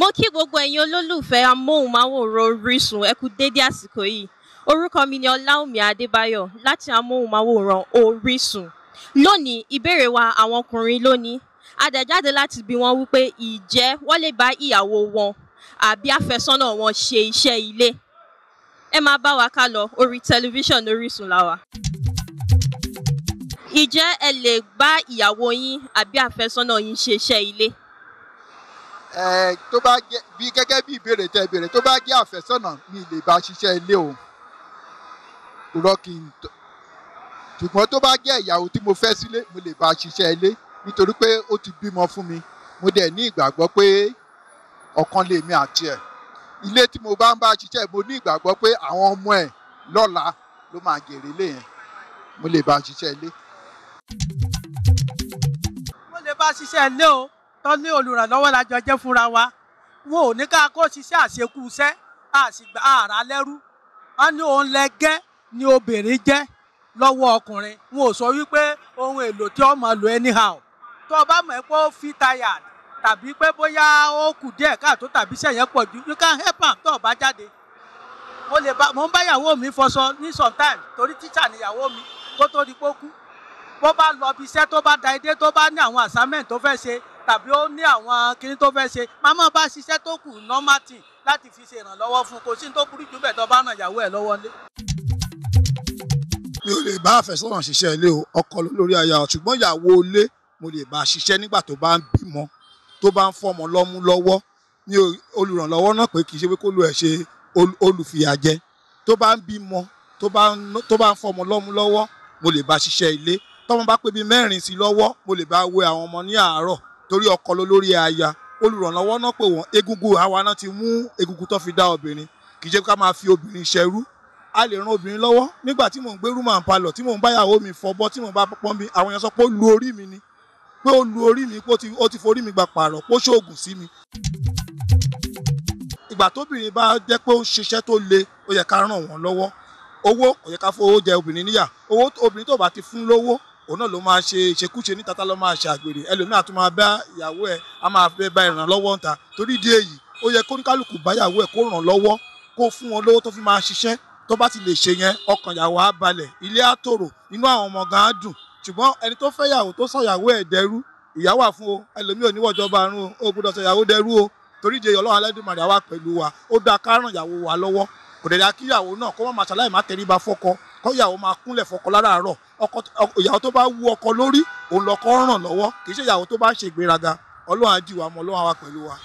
mo kí gbogbo ẹ̀yin olólùfẹ́ amóhùnmáwòrán orísun ẹ kú dédé àsìkò yìí orúkọ mi ni ọláùmí adébáyọ̀ láti amóhùnmáwòrán orísun lónìí ìbéèrè wa àwọn ọkùnrin lónìí adẹ̀jáde láti bi wọ́n wípé ìjẹ́ wọ́n lè bá ìyàwó wọn àbí àfẹ́sọ́nà wọn ṣe iṣẹ́ ilé ẹ máa bá wa ká lọ orí tẹlifíṣàn orísun làwà ìjẹ́ ẹ lè bá ìyàwó yín àbí àfẹ́sọ́nà yín ṣe iṣẹ́ ilé tó bá jẹ́ bí gẹ́gẹ́ bí ìbéèrè tẹ́ ìbéèrè tó bá jẹ́ àfẹ́sọ́nà mi lè bá ṣiṣẹ́ ilé o rọ́ọ̀kì ṣùgbọ́n tó bá jẹ́ ìyàwó tí mo fẹ́ sílé mo lè bá ṣiṣẹ́ ilé nítorí pé ó ti bímọ fún mi mo dẹ̀ ní ìgbàgbọ́ pé ọ̀kan lèmi àti ẹ̀ ilé tí mo bá ń bá ṣiṣẹ́ mo ní ìgbàgbọ́ pé àwọn ọmọ ẹ̀ lọ́la ló máa jèrè ilé yẹn mo lè bá ṣiṣẹ́ ilé. mo lè bá ṣiṣẹ́ ilé o tó ní olùrànlọ́wọ́ la jọ jẹ́ fúnra wa wọn ò ní ká kó ṣiṣẹ́ àṣekúṣẹ́ àṣìgbà àrà lẹ́rú wọn ní òun lẹ́gẹ́ ni obìnrin jẹ́ lọ́wọ́ ọkùnrin wọn ò sọ wípé ohun èlò tí ó máa lò anyhow tó o bá mọ̀ ẹ́ pé ó fi tired tàbí pé bóyá ó kù díẹ̀ káàtó tàbí sẹ̀yẹ́ pọ̀ ju you can help am tó o bá jáde mo lè bá mo ń bá ìyàwó mi fọṣọ ní sometimes torí tíṣà ni ìyàwó mi kó tó di pókú bó bá lọ bí iṣẹ́ tó bá da edé tó bá ní àwọn assignment tó fẹ́ ṣe tàbí ó ní àwọn kinní tó fẹ́ ṣe máa máa bá ṣiṣẹ́ tó kù nọ́màtì láti fi ṣe ìrànlọ́wọ́ fún kò sí tó burú jù bẹ́ẹ̀ tó bá ràn ìyàwó ẹ̀ lọ́wọ́ lé. mi ò lè bá àfẹ́sọ́nà ṣiṣẹ́ ilé o ọkọ lórí aya ṣùgbọ́n ìyàwó ilé mo lè bá ṣiṣẹ́ nígbà tó bá ń bímọ tó bá ń fọmọ lọ́mú lọ́wọ́ ní olùrànlọ́wọ́ náà pé kì í ṣe pé kó lo ẹ̀ ṣe olùfìyàjẹ tó bá ń bímọ tó bá ń fọmọ lọ́mú lọ́wọ́ mo lè bá ṣiṣẹ́ ilé tọ́mọ bá pé bíi mẹ́rin sí lọ́wọ́ mo lè bá wẹ àwọn ọmọ ní àárọ̀ torí ọkọ ló lórí aya olùrànlọ́wọ́ náà pè wọ́n egungun àwa náà ti mú egungun tó fi dá obìnrin kì í ṣe ká máa fi obìnrin ṣẹrú a lè ran obìnrin lọ́wọ́ nígbà tí mò ń gbé rúmọ̀ àǹpalọ̀ tí mò ń báyàwó mi fọbọ́ tí mò ń bá pọ́n mi àwọn èèyàn sọ pé ó lu orí mi ni pé ó lu orí mi pé ó ti forí mi gba pààrọ̀ pé ó ṣoògùn sí mi. ìgbà tóbìnrin bá jẹ́ pé ó ṣiṣẹ́ tó le ó yẹ ká ràn wọ́n lọ́wọ́ owó kò yẹ ká fowó jẹ obìnrin níyà owó obìnrin tó bá ti fún lówó òun náà ló máa ṣe ìṣekúṣe ní tata ló máa ṣe àgbèrè ẹlòmíràn tó máa bá ìyàwó ẹ a máa fẹ́ bá ìrànlọ́wọ́ ń ta torí ìdí èyí ó yẹ kóníkálùkù bá ìyàwó ẹ kó ràn lọ́wọ́ kó fún wọn lówó tó fi máa ṣiṣẹ́ tó bá ti lè ṣe yẹn ọkàn ìyàwó á balẹ̀ ilé á tòrò inú àwọn ọmọ gan á dùn ṣùgbọ́n ẹni tó fẹ́ ìyàwó tó sọ ìyàwó ẹ̀ dẹrú ìyàwó àfún o ẹlòmíràn níwọ̀jọba àrùn o ó gbọdọ̀ sọ ìyàwó dẹrú o torí ìdí èyí ọlọ́run alẹ́dùnmarè àwa wa ó dáa ká ràn ìyàwó wa lọ́wọ́ kò dẹ̀ dá náà kó má máa ṣàlàyé má tẹríba fọ́kọ kọ́yàwó máa kúnlẹ̀ fọkọ láràárọ̀ ìyàwó tó bá wú ọkọ lórí òun lọkọ ràn lọ́wọ́ kì í ṣe ìyàwó tó bá ṣègbéraga ọlọ́run á dìwà mọ́ ọlọ́run á wà pẹ̀lú wa.